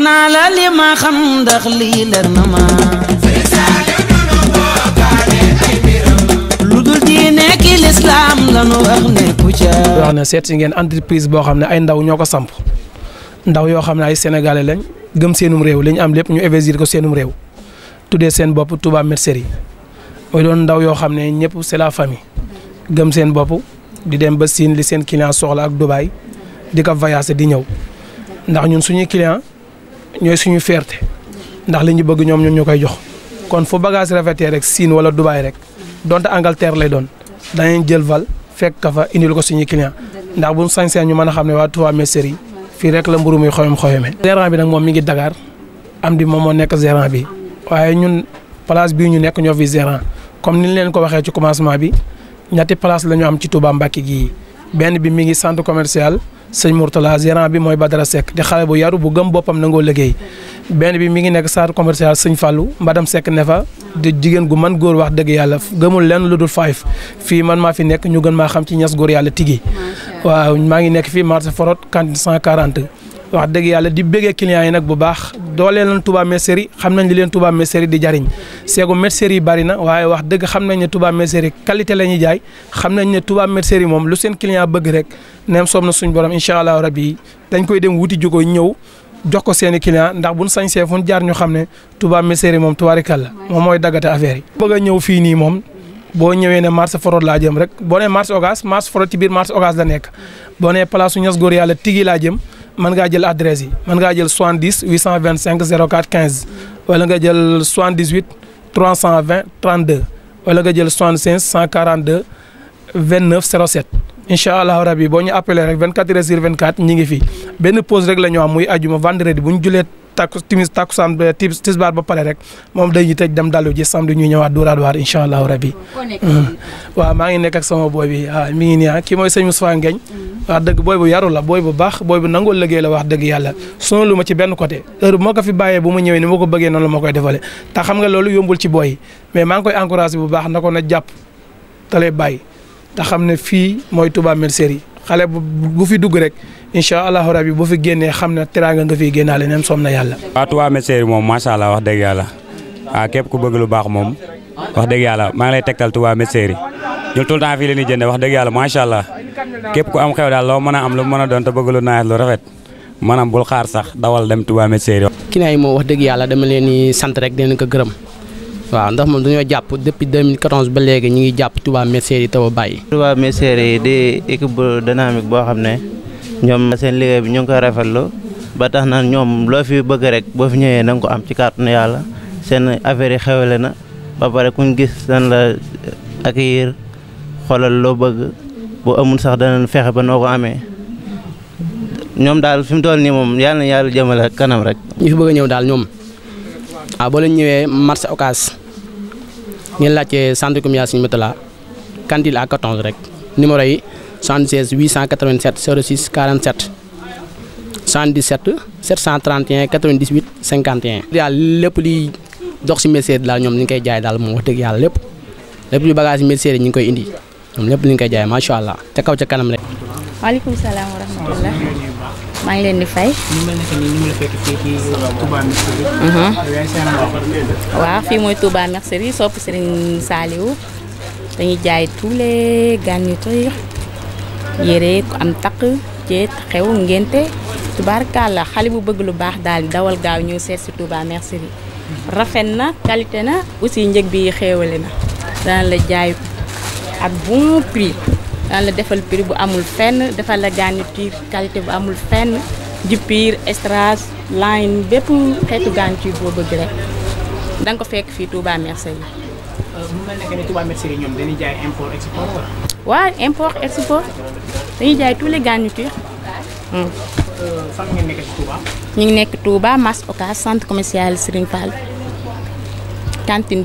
naa la li ma xam ndax na lu dul diine ki lislaam lanu wax nekku ca wax ne seet ngeen entreprise boo xam ne ay ndaw ñoo ko samp ndaw yoo xam ne ay sénégalais lañ gëm seenum réew li am lépp ñu investir ko seenum réew tuddee seen bopp Touba Mercerie mooy doon ndaw yoo xam ne ñëpp c'est la famille gëm seen bopp di dem ba siin li seen client soxla ak Dubaï di ko voyager di ñëw ndax ñun suñuy client ñoy suñu fierté ndax liñu bëgg ñom ñun ñukay jox kon fu bagage rafetee rek sin wala dubai rek donte Angleterre lay doon danañ jël val fek ka fa indil ko suñu client ndax bu sañ sañsee ñu mën a xam ne waa fi rek la mburu muy xoyom xoyome gérant bi nak mom mi ngi Dakar am di moom moo nekk gérant bi waye ñun place bi ñu nek ñoo fi gérant comme niñ leen ko waxé ci commencement bi place lañu am ci Touba gi benn bi mi ngi centre commercial sëñ Mourtala gérant bi mooy Badara Seck di xale bu yaru bu gëm boppam nangoo liggéey benn bi mi ngi nekk centre commercial sëñ Fallou Mbadam Seck ne fa di jigéen gu man góor wax dëgg yàlla gëmul lenn lu dul five fii man maa fi nekk ñu gën maa xam ci ñas góor yàlla tigi waaw maa ngi nekk fii marché forot cantine 140 wax dëgg yàlla di bëggee clients yi nag bu baax dooleel nañ Touba Mercerie xam nañ li leen Touba Mercerie di jariñ seegu mercerie yi bari na waaye wax dëgg xam nañ ne Touba Mercerie qualité la ñuy jaay xam nañ ne Touba Mercerie moom lu seen client bëgg rek neem soob na suñ borom incha allah rabi dañ koy dem wuti jugo ñëw. jox ko seen i client ndax bu ñu jaar ñu xam ne Touba Mercerie moom tubaarikàlla moom mooy daggate affaire yi. bëgg a fii nii moom boo ñëwee ne marché forod laa jëm rek boo nee marché ogas marché forod ci biir marché ogas la nekk boo ne place su ñas góor yàlla tigi laa jëm. mën ngaa jël adresse yi mën ngaa jël 70 825 04 15 wala nga jël 78 320 32 wala nga jël 75 142 29 07 incha allah rabi boo ñu appelé rek 24 heures sur 24 ñu ngi fi benn pause rek la ñu am muy ajuma vendredi bu ñu julee takku timis takkusaan tisbaar ba pare rek moom dañuy tëj dem dalu ji samedi ñuy ñëwaat duuraat waar incha allahu rabi. Hmm. waaw maa ngi nekk ak sama booy bi waaw mi ngi nii ah kii mooy sëñ Moussa Ngeñ. Hmm. wax dëgg booy bu yaru la booy bu baax booy bu nangoo liggéey la wax dëgg yàlla sonolu ma ci benn côté heure bu ko fi bàyyee bu ma ñëwee ni ma ko bëggee noonu la ma koy defalee te xam nga loolu yombul ci booy mais maa ngi koy encouragé bu baax na ko na jàpp te lay bàyyi te xam ne fii mooy Touba Mercerie xale bu bu fi dugg rek incha allahu yi bu fi génnee xam na teraanga nga fiy génnaale nem soom na yàlla. waa Touba Médecins moom macha allah wax dëgg yàlla ah képp ku bëgg lu baax moom wax dëgg yàlla maa ngi lay tegtal Touba Médecins ñun tout le temps fii wax dëgg yàlla macha allah képp ku am xew daal loo mën a am lu mën a doon te bëgg lu naayat lu rafet maanaam bul xaar sax dawal dem Touba ki kii naay moo wax dëgg yàlla dama leen sant rek dinañ ko gërëm waaw ndax moom dañoo jàpp depuis 2014 ba léegi ñu ngi jàpp Touba Mercerie taw a bàyyi. Touba Mercerie di équipe dynamique boo xam ne ñoom seen liggéey bi ñu ngi koy rafetlu ba tax na ñoom loo fi bëgg rek boo fi ñëwee na ko am ci kàttanu yàlla seen affaire yi xewale na ba pare kuñ gis dañ la accueillir xoolal loo bëgg boo amul sax danañ fexe ba noo ko amee. ñoom daal fi mu toll nii moom yàlla na yàlla jëmale kanam rek. ñu fi bëgg ñëw daal ñoom. ah boo ngeen laajte centre communal Serigne Mourtada Kandil à 14 rek numéro yi 76 887 06 47 77 731 98 51. daal lépp liy dox si mercerie daal ñoom ñu ngi koy jaay daal moom wax dëgg yàlla lépp lépp lu bagage mercerie ñu ngi koy indi ñoom lépp li ñu koy jaay macha allah ca kaw ca kanam rek. waaleykum salaam wa maa ngi fay. ni que ni ñu la fekk fii Touba Mercerie. yaay seen mbokk. waaw fii Touba Mercerie sopp Serigne Saliou dañuy am xew ngente bu bëgg lu dawal gaaw ñëw seet si Touba Mercerie. rafet qualité na aussi bi xéewale na dana la jaay ak bon prix. daan la defal prix bu amul fenn defal la garniture qualité bu amul fenn ji piir strass line bépp xeetu garniture boo bëgg rek ko fekk fii Touba Mercerie yi. Euh, mu mel ne que ni Touba Mercerie ñoom dañuy jaay import export wala. jaay tous les garnitures. Euh, ñu ngi nekk Touba Mas Oka centre commercial Serigne Fall cantine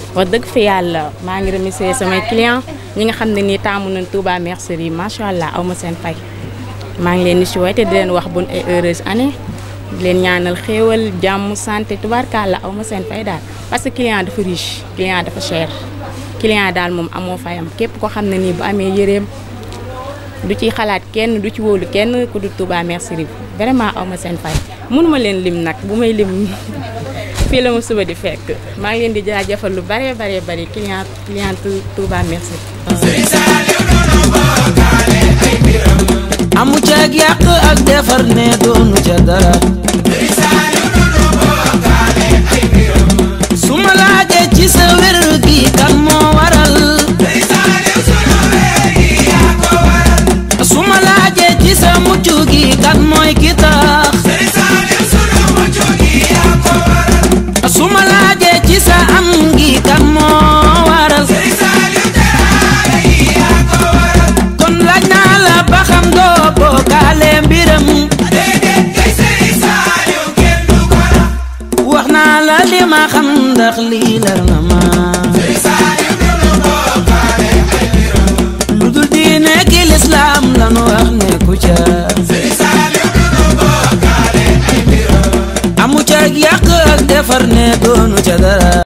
wax dëgg fa yàlla maa ngi remercier samay clients ñi nga xam ne nii taamu nañ Touba mercerie macha allah aw ma seen fay maa ngi leen di souhaiter di leen wax bonne et heureuse année di leen ñaanal xéewal jàmm santé tubaarkàlla aw ma seen fay daal parce que client dafa riche client dafa cher client daal moom amoo fayam képp ko xam ne nii bu amee yëreem du ci xalaat kenn du ci wóolu kenn ku du Touba mercerie vraiment aw ma seen fay mënuma leen lim nag bu may lim fii di fekk maa ngi leen di jaajëfal lu bare bare bari client client su ma ci sa wér gi kan moo waral. su ma ci sa mucc gi kan mooy kita ma xam ndax lii leer na ma lu dul diine ki lislaam lanu wax nekku ca defar ne doonu ca dara